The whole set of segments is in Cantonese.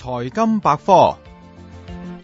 財金百科。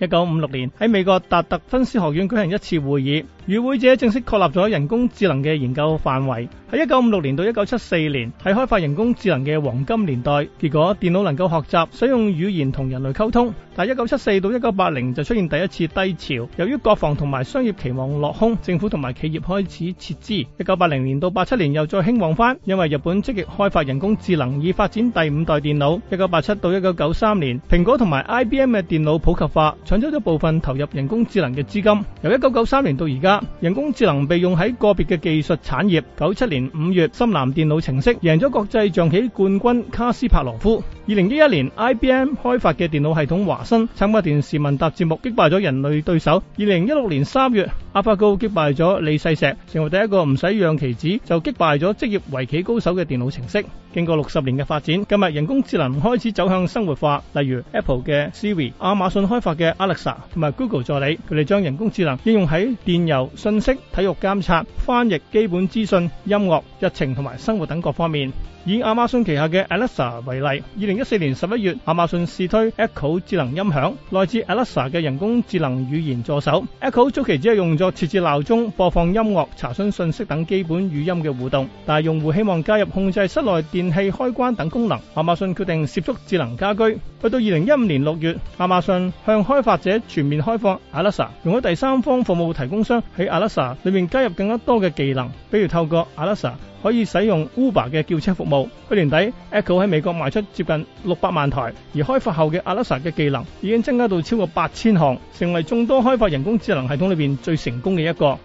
一九五六年喺美國達特芬斯學院舉行一次會議。與會者正式確立咗人工智能嘅研究範圍。喺一九五六年到一九七四年，係開發人工智能嘅黃金年代。結果電腦能夠學習，使用語言同人類溝通。但一九七四到一九八零就出現第一次低潮，由於國防同埋商業期望落空，政府同埋企業開始撤資。一九八零年到八七年又再興旺翻，因為日本積極開發人工智能，以發展第五代電腦。一九八七到一九九三年，蘋果同埋 IBM 嘅電腦普及化，搶走咗部分投入人工智能嘅資金。由一九九三年到而家。人工智能被用喺個別嘅技術產業。九七年五月，深藍電腦程式贏咗國際象棋冠軍卡斯帕羅夫。二零一一年，IBM 開發嘅電腦系統華生參加電視問答節目，擊敗咗人類對手。二零一六年三月，AlphaGo 擊敗咗李世石，成為第一個唔使讓棋子就擊敗咗職業圍棋高手嘅電腦程式。經過六十年嘅發展，今日人工智能開始走向生活化，例如 Apple 嘅 Siri、亞馬遜開發嘅 Alexa 同埋 Google 助理，佢哋將人工智能應用喺電郵、信息、體育監測、翻譯、基本資訊、音樂、日程同埋生活等各方面。以亞馬遜旗下嘅 Alexa 為例，二零一四年十一月，亞馬遜試推 Echo 智能音響，來自 Alexa 嘅人工智能語言助手。Echo 早期只係用作設置鬧鐘、播放音樂、查詢信息等基本語音嘅互動，但係用戶希望加入控制室內電器開關等功能，亞馬遜決定涉足智能家居。去到二零一五年六月，亞馬遜向開發者全面開放 Alexa，用咗第三方服務提供商喺 Alexa 裏面加入更加多嘅技能，比如透過 Alexa 可以使用 Uber 嘅叫車服務。去年底，Echo 喺美國賣出接近六百萬台，而開發後嘅 Alexa 嘅技能已經增加到超過八千項，成為眾多開發人工智能系統裏邊最成功嘅一個。